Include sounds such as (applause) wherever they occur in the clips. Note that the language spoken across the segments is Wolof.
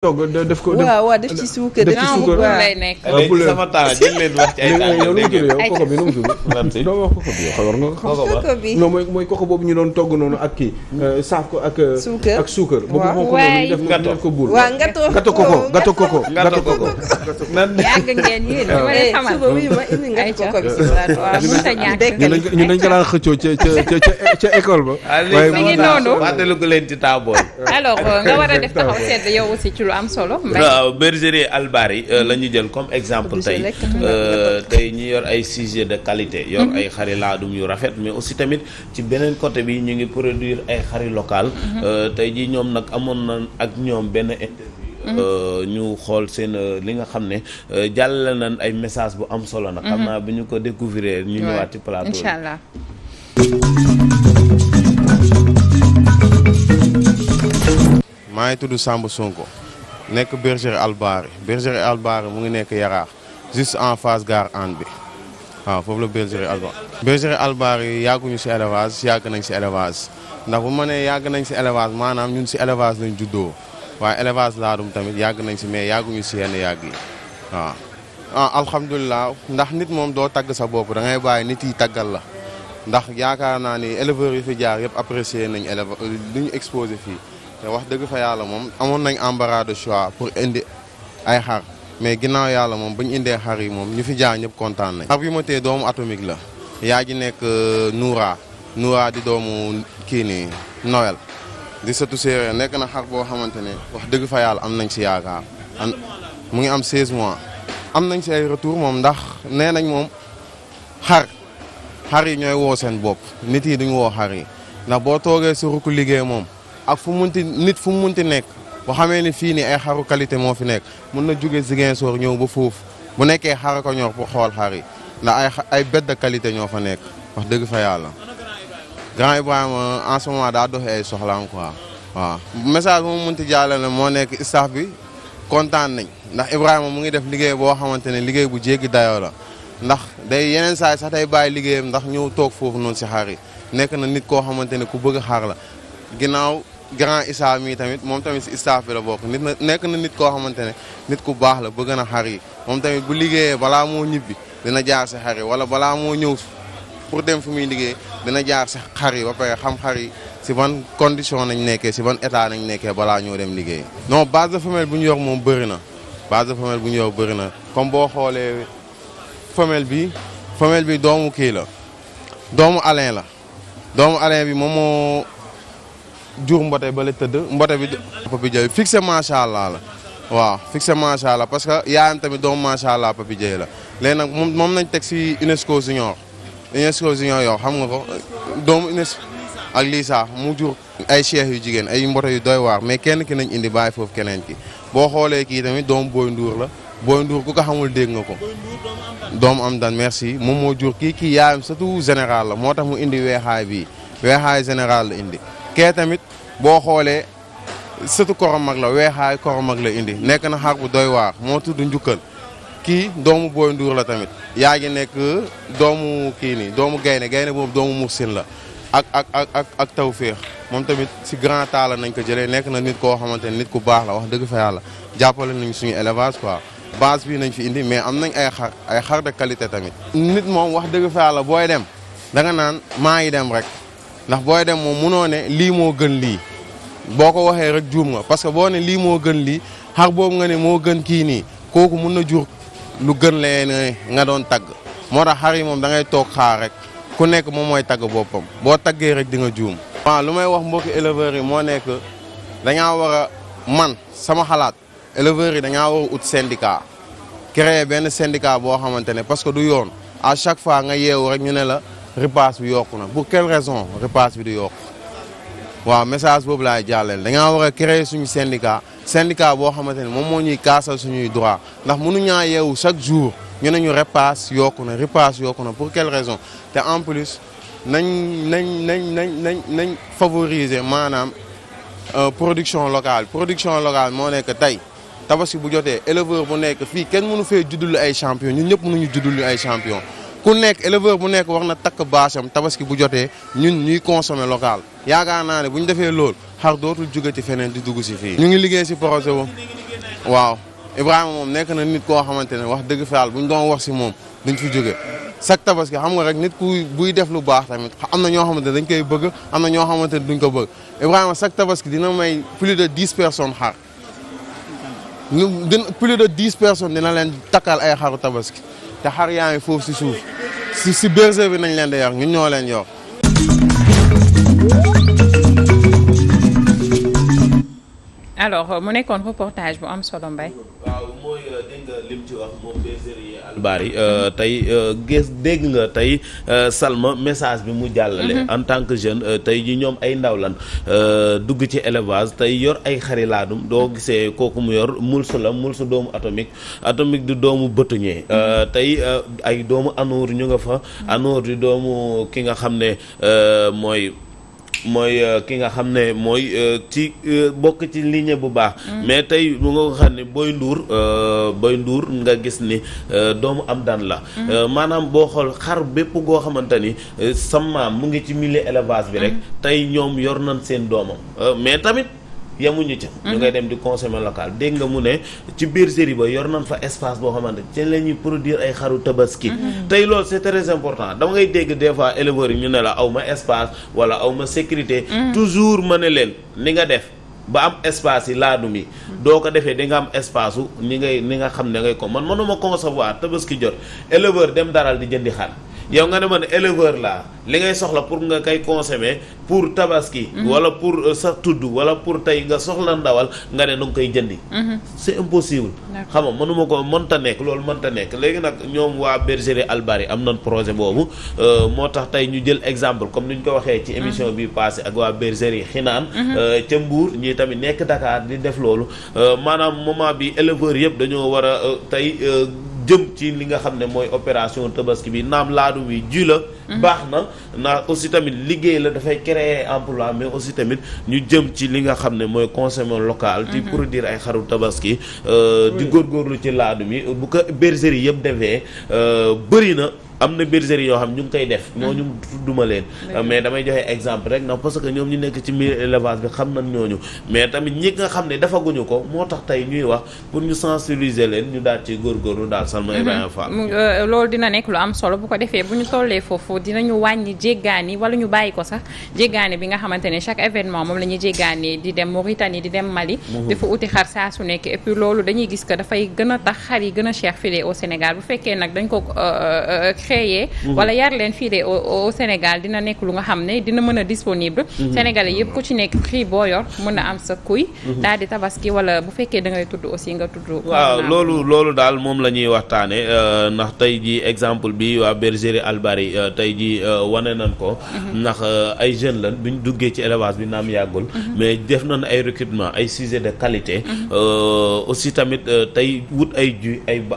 togg def ko waaw waaw def ci suukar def ci suukar lay nekk ah, sama temps jël leen wax ci ay yow koko bi nu mu tudd (laughs) doo wax koko bi yow war nga ko xam non mooy mooy koko boobu ñu doon togg noonu ak kii mm. euh, saaf ko ak euh, ak suukar boobu moo ko def def ko buur waaw ngato ngato koko ngato koko ngato koko yàgg ngeen yéen ñu lay xamal suba wuyu ma indi nga koko bi ci plateau xëccoo ca ca école ba waaye mi ngi noonu fàttaliku leen ci taabool euh, a lu am solo. waaw Albary euh, la ñu jël comme exemple tey euh, tey ñi yor ay sujet de qualité. yor mm-hmm. ay xari laadum yu rafet mais aussi tamit ci beneen côté bi ñu ngi produire ay xari local. Mm-hmm. Euh, tey jii ñoom nag amoon na ak ñoom benn interview. Mm-hmm. ñu xool seen li nga xam ne jàllale nañ ay message bu am solo nag. xam naa bu ñu ko découvrir ñu ñëwaat ci plateau incha allah. ngi tudd Samb Sonko. nekk bergerie Albary bergerie Albary mu ngi nekk Yaraax juste en face gar en bi waaw foofu la bergerie Albary. bergerie Albary yàgguñu si élevage yàgg nañ si élevage ndax bu ma nee yàgg nañ si élevage maanaam ñun si élevage lañ juddoo waaye élevage laadum tamit yàgg nañ si mais yàgguñu si yenn yàgg yi waaw. ah ndax nit moom doo tagg sa bopp da ngay bàyyi nit yi taggal la ndax yaakaar naa ni éleveurs yi fi jaar yëpp apprécier nañ élevage li ñu exposé fii. te wax dëgg fa yàlla moom amoon nañ embarras de choix pour indi ay xar mais ginnaaw yàlla moom bañ ñu indee xar yi moom ñu fi jaar ñëpp kontaan nañ. xar bi ma tee doomu atomique la. yaa ji nekk euh, Noura. Noura di doomu kii nii Noël. di sëtu séeréer nekk na xar boo xamante ne wax dëgg fa yàlla am nañ si yaakaar mu ngi am 16 mois. am nañ si retour moom ndax nee nañ moom xar xar yi ñooy woo seen bopp nit yi duñu woo xar ndax boo toogee si rukk liggéey moom. ak fu munti nit fu mu munti nekk boo xamee ni fii nii ay xaru qualité moo fi nekk mun na jóge Ziguinchor ñëw ba foofu bu nekkee xar ko ñor pour xool xar yi ndax ay ay bête de qualité ñoo fa nekk wax dëgg fa yàlla. grand Ibrahima daa doxee ay soxlaam quoi waaw. message bu mu munti jàllale moo nekk staff bi kontaan nañ ndax Ibrahima mu ngi def liggéey boo xamante ne liggéey bu jéggi dayoo ndax day yeneen saa yi sax day bàyyi ndax ñëw toog foofu noonu si xar yi nekk na nit koo xamante ne ku bëgg xar la ginnaaw. grand Issa mii tamit moom tamit si staff bi la bokk nit na nekk na nit koo xamante ne nit ku baax la bëgg na xar yi moom tamit bu liggéeyee balaa moo ñibbi dina jaar si xar yi wala balaa moo ñëw pour dem fu muy liggéey dina jaar si xar yi ba pare xam xar yi si ban condition nañ nekkee si ban état nañ nekkee balaa ñoo dem liggéey. non base de femelle bu ñu yor moom bëri na base de femelle bu ñu yor bëri na comme boo xoolee femelle bi femelle bi doomu kii la doomu Alain la doomu Alain moom jur mbote ba la tëdd mbote bi. Papy Dieye fixé macha allah la waaw fixé macha allah parce que yaayam tamit doom macha allah Papy Dieye la léegi nag moom moom nañ teg si UNESCO junior UNESCO junior yow xam nga ko doomu UNESCO ak Lisa mu jur ay cheikh yu jigéen ay mbote yu doy waar mais kenn ki nañ indi baay foofu keneen ki boo xoolee kii tamit doom Boy nduur la Boy nduur ku ko xamul dégg nga ko. doomu am dan merci moom moo jur kii kii yaayam surtout général la moo tax mu indi weexaay bii weexaay général la indi. kee tamit boo xoolee sëtu mag la weexaay mag la indi nekk na xar bu doy waar moo tudd njukkal kii doomu booy nduur la tamit yaa ngi nekk doomu kii nii doomu gaynde gaynde boobu doomu mursin la ak ak ak ak ak tawféex moom tamit si grand taala nañ ko jëlee nekk na nit koo xamante ne nit ku baax la wax dëgg fa yàlla jàppale nañ suñu élevage quoi base bi nañ fi indi mais am nañ ay xar ay xar de qualité tamit nit moom wax dëgg fa yàlla booy dem da nga naan maa ngi dem rek ndax booy dem moom munoo ne lii moo gën lii boo ko waxee rek juum nga parce que boo ne lii moo gën lii xar boobu nga ne moo gën kii nii kooku mun a jur lu gën leen nga doon tagg moo tax xar yi moom da ngay toog xaar rek ku nekk moom mooy tagg boppam boo taggee rek di nga juum. waaw lu may wax mbokki éleveurs yi moo nekk dañaa war a man sama xalaat éleveurs yi dañaa war a ut syndicat créer benn syndicat boo xamante ne parce que du yoon à chaque fois nga yeewu rek ñu ne la. repasse bi yokku na pour quelle raison repasse bi du yokk waaw message boobu laay jàllale dangaa war a créer suñu syndicat sendica boo xamante ne moom moo ñuy kaasal suñuy droit ndax mënuñaa yeewu chaque jour ñu ne ñu repasse yokku na repasse yokku na pour quelle raison te en plus nañ nañ nañ nañ nañ nañ favoriser maanaam euh, production locale production local moo nekk tey tabaski bu jotee éleveur bu nekk fii kenn mënu fee juddul ay champion ñun ñëpp mënuñu juddul ay champion ku nekk éleveur bu nekk wax na takk baasam tabaski bu jotee ñun ñuy consommer local yaakaar naa ne bu ñu defee lool xar dootul jóge ci feneen di dugg si fii. ñu ngi liggéey si projet bu waaw Ibrahima moom nekk na nit koo xamante ne wax dëgg fa yàlla bu ñu doon wax si moom duñ fi jóge chaque tabaski xam nga rek nit ku buy def lu baax tamit am na ñoo xamante ne dañ koy bëgg am na ñoo xamante ne duñ ko bëgg Ibrahima chaque tabaski dina may plus de dix personnes xar ñu dina plus de dix personnes dina leen takkal ay xaru tabaski. te xar yaa ngi foofu si suuf si si berger bi nañ leen di yor ñun ñoo leen yor. Euh, mu nekkoon reportage bu am solo Mbaye. Euh, xibaar yi euh, tey euh, gis dégg nga tey euh, Salma message bi mu jàllale mhm. en tant que jeune tey ji ñoom ay ndaw lan dugg ci élevage tey yor ay xari laadum doo gisee kooku mu yor mulsu la mulsu doomu atomique atomique du doomu bëtuñee mhm. tey ay doomu anour ñu nga fa mhm. anour di doomu ki nga xam ne mooy mooy euh, ki nga xam ne mooy euh, ci euh, bokk ci ligne bu baax. Mm. mais tey mu nga ko xam ne Boy Ndour Boy Ndour nga gis ni doomu am daan la. Mm. maanaam boo xool xar bépp goo xamante ni sama mu ngi ci milieu élevage bi rek. Mm. tey ñoom yor nañ seen doomam mais tamit. yemuñu ca. ñu ngay mhm. dem di consommer local dégg nga mu ne ci biir bergerie ba yor nañ fa espace boo xamante ci la ñu produire ay xaru tabaski. Mhm. tey loolu c'est très important dama ngay dégg des fois éleveurs yi ñu ne la aw ma espace wala aw ma sécurité. Mhm. toujours ma ne leen ni nga def. ba am espace yi laadu mi doo ko defee di nga am espace u ni ngay ni nga xam ne ngay ko man mënuma concevoir tabaski jot éleveur dem daral di jëndi xar yow nga ne man éleveur laa li ngay soxla pour nga koy consommer pour tabaski. Mhm. wala pour euh, sa tudd wala pour tey nga soxla ndawal nga ne da nga koy jëndi. Mhm. c'est impossible. xam nga mënuma ko mënta nekk loolu mënta nekk léegi nag ñoom waa bergerie Albary am na projet boobu euh, moo tax tey ñu jël exemple comme ni ñu ko waxee. ci émission mhm. bi passé ak waa bergerie Xinaan. Euh, ca Mbour ñii tamit nekk Dakar di def loolu maanaam moment bi éleveur yëpp dañoo war a tey. jëm ci li nga xam ne mooy opération tabaski bi naam laadu bi ji mhm. baax na naa aussi tamit liggéey la dafay créer emploi mais aussi tamit ñu jëm ci li nga xam ne mooy consommation locale ci mhm. produire ay xaru tabaski euh, di góor góorlu ci laadu bi bu ko bergerie yëpp defee euh, bëri na am na bergerie yoo xam ñu ngi koy def ñooñu mm-hmm. tudduma leen mm-hmm. euh, mais damay joxe exemple rek ndax parce que ñoom ñu nekk ci milieu élevage bi xam nañ ñooñu mais tamit ñi nga xam ne dafaguñu ko moo tax tey ñuy wax pour ñu sensibiliser leen ñu daal ci góor góorgóorlu daal Salma Ibrahima mm-hmm. Fall euh, loolu dina nekk lu am solo bu ko defee bu ñu tollee foofu dinañu wàññi jéggaani wala ñu bàyyi ko sax jéggaani bi nga xamante ne chaque événement moom la ñuy jéggaani di dem Mauritanie di dem Mali dafa uti xar saa nekk loolu dañuy gis que dafay gën tax xar yi gën a cher Sénégal bu fekkee nag dañ ko euh, créer mhm. wala yar fii de au dina nekk lu nga xam ne dina mën a disponible mhm. Sénégalais yëpp ku ci nekk prix boo yor mën a am sa kuy mhm. daal di tabaski wala bu fekkee da ngay tudd aussi nga tudd waaw loolu loolu daal moom la ñuy waxtaane euh, ndax tey ji exemple bi waa bergerie Albary euh, tey ji euh, wane nañ ko ndax ay jeunes lan buñ duggee ci élevage bi naam yàggul mais def nañ ay recrutement ay sujet de qualité aussi tamit tey wut ay ju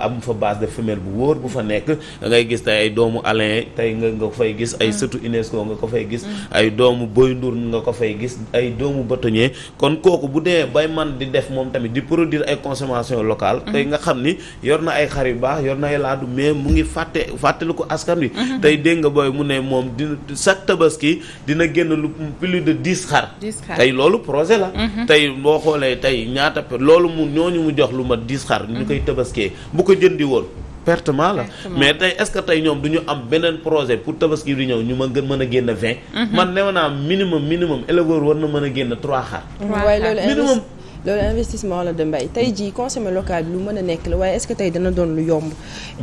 am fa base de femelle bu wóor bu fa nekk da gis tey ay doomu Alain tey nga nga ko fay gis ay mm. sëtu UNESCO nga ko fay gis mm. ay doomu Boy Ndour nga ko fay gis ay doomu bâtonnier kon kooku bu dee bay man di def moom tamit di produire ay consommation locale mm. tey nga xam ni yor na ay xar yu baax yor na ay laadu mais mu ngi fàtte fàttali ko askan wi mm-hmm. tey dégg nga booy mu ne moom dina chaque tabaski dina génn lu plus de dix xar tey loolu projet la mm-hmm. tey boo xoolee tey ñaata loolu mu ñooñu mu jox lu ma dix xar mm-hmm. ñu koy tabaskee bu ko jëndi woon pertement la mais tey est-ce que tey ñoom du ñu am beneen projet pour tabaski di ñëw ñu ma gën mën a génn vingt mhm. man neew naa minimum minimum éleveur war na mën a génn trois xar minimum loolu investissement la de mbay tey jii consommer local bi lu mën a nekk la waaye est-ce que tey dana doon lu yomb.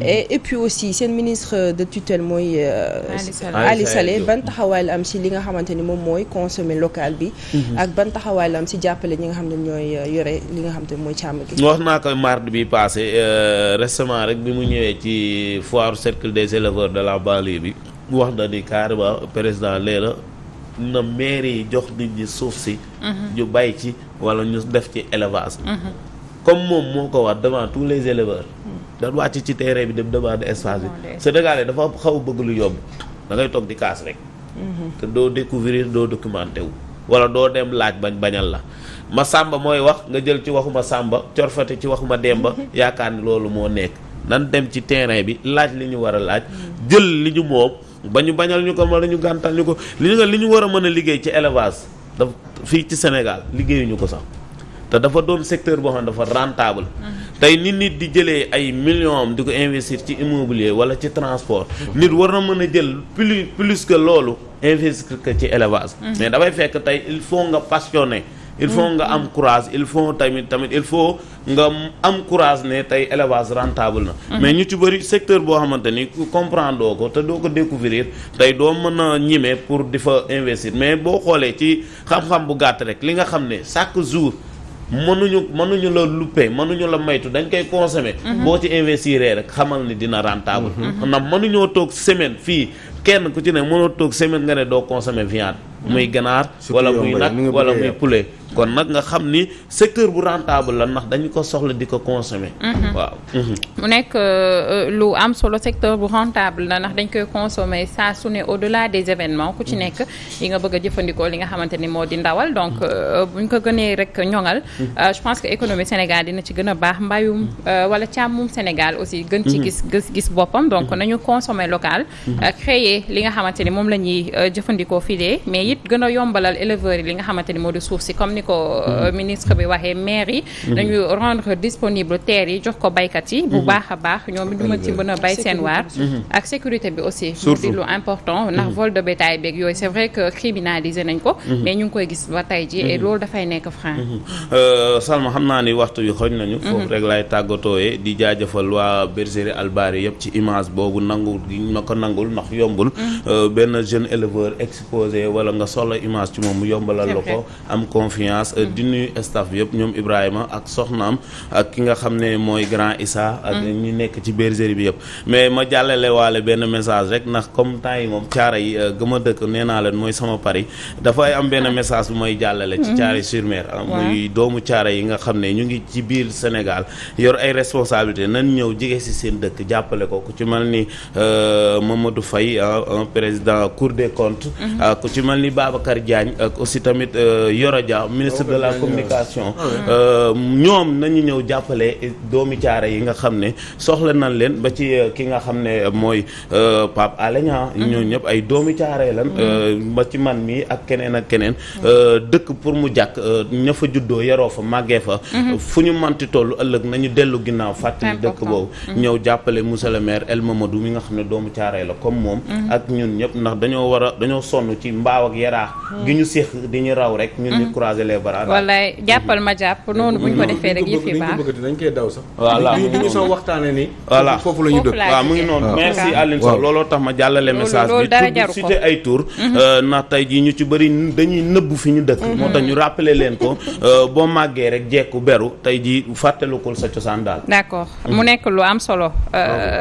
et puis aussi seen ministre de tutelle mooy. Euh, Ali Saleh ban taxawaay la am si li nga xamante ni moom mooy consommer local bi. Mhm. ak ban taxawaay la am si jàppale ñi nga xam ne ñooy euh, yore li nga xam te mooy càmm gi. wax naa ko mardi bi passé euh, récemment rek bi mu ñëwee ci foire cercle des éleveurs de la banlieue bi wax na ni carrément président nee na mairie yi jox nit ñi suuf si. Mhm. ñu bàyyi ci wala ñu def ci élevage. Mhm. comme moom moo ko war devant tous les éleveurs. Mhm. dañ wàcc ci terrain bi def demande espace bi. Sénégalais dafa xaw bëgg lu yomb da ngay toog di kaas rek. te doo découvrir doo documenté wu. wala doo dem laaj bañ bañal la ma sàmba mooy wax nga jël ci waxuma sàmba corfate ci waxuma demba yaakaar ni loolu moo nekk nan dem ci terrain bi laaj li ñu war a laaj. jël li ñu moom. ba ñu bañal ñu ko wala ñu gàntal ñu ko li nga li ñu war a mën a liggéey ci élevage dafa fii ci Sénégal liggéeyuñu ko sax te dafa doon secteur boo xam ne dafa rentable tey nit nit di jëlee ay millions am di ko investir ci immobilier wala ci transport nit war na mën a jël plus plus que loolu investir que ci élevage mm-hmm. mais dafay fekk tey il faut nga passionné il faut nga am mm-hmm. courage il faut tamit tamit il faut nga am courage ne tey élevage rentable na mm-hmm. mais ñu ci bëri secteur boo xamante ni comprendre ko te doo ko découvrir tey doo mën a ñime pour di fa investir mais boo xoolee ci xam-xam bu gàtt rek li nga xam ne chaque jour mënuñu mënuñu la luppe mënuñu la maytu dañ koy consommer mm-hmm. boo ci investir rek xamal ni dina rentable ndax mënuñoo toog semaine fii kenn ku ci ne mënoo toog semaine nga ne doo consommer viande muy ganaar wala muy nag wala muy poulet kon nag nga xam ni secteur bu rentable la ndax dañu ko soxla di ko consommer. Mhm. waaw. Mhm. mu nekk euh, lu am solo secteur bu rentable la ndax dañ koy consommer saa su ne au delà des événements ku ci mhm. nekk yi nga bëgg a jëfandikoo li nga xamante ni moo di ndawal donc euh, buñ ko gënee rek ñoŋal. Euh, je pense que économie Sénégal dina ci gën a baax mbayum wala càmmum Sénégal aussi. gën ci gis gis gis boppam donc nañu consommer local. créer li nga xamante moom la ñuy a di ni ko euh, mm-hmm. ministre bi waxee maire yi mm-hmm. dañu rendre disponible terre yi jox ko baykat yi bu mm-hmm. baax a baax ñoom ñu mën ci mën a bay seen waar ak sécurité bi aussi di lu important ndax vol de bétail beeg yooyu c'est vrai que criminalisé nañ ko mais ñu ngi koy gis ba tey ji et loolu dafay nekk frein euh, Salma xam naa ni waxtu yi xoj nañu foofu rek lay tàggatooyee di jaajafal waa bergerie Albary yëpp ci image boobu nangu ma ko nangul ndax yombul euh, benn jeune éleveur exposé wala nga solo image ci moom confiance euh, di nuyu staff bi yëpp ñoom Ibrahima ak soxnaam ak ki nga xam ne mooy grand Issa ak mm. ñu nekk ci bergerie bi yëpp mais ma jàllale waale benn message rek ndax comme temps yi moom caara yi euh, gëm a dëkk nee naa leen mooy sama pari dafay am benn message bu may jàllale ci mm-hmm. caare sur doomu caara yi nga xam ne ñu ngi ci biir Sénégal yor ay responsabilité nan ñëw jige si seen dëkk jàppale ko ku ci mel ni euh, Mamadou Faye ah, un président cour des comptes mm-hmm. ah, ku ci mel ni Babacar Diagne ak aussi tamit Yoro Dia ministre de la communication ah euh, ñoom nañu ñëw jàppale doomi caare yi nga xam ne soxla na leen ba ci euh, ki nga xam ne euh, mooy Pape Alé Niang mm-hmm. ñoo ñëpp ay doomi caare lan mm-hmm. ba ci man mi ak keneen ak keneen mm-hmm. dëkk pour mu jàkk ña fa juddoo yaroo fa màggee fa fu manti tollu ëllëg nañu dellu ginnaaw fàttali dëkk boobu ñëw jàppale monsieur le maire El Mamadou mi nga xam ne doomu caare la comme moom ak ñun ñëpp ndax dañoo war dañoo sonn ci mbaaw ak yaraa gi ñu séex di ñu raw rek ñun ñu croiser les jàppal ma jàpp noonu bu ko defee rek yëf yi baax bëgg dinañ la ñu dëkk waaw mu ngi noonu merci Alioune Sow looloo tax ma jàllale message bi tudd cité ay tour mhm. euh, ndax tey jii ñu ci bëri dañuy nëbb fi ñu dëkk mhm. moo tax ñu rappeler leen ko euh, boo màggee rek jekku beru tey jii fàttalukul sa cosaan daal d'accord mu nekk lu am solo euh,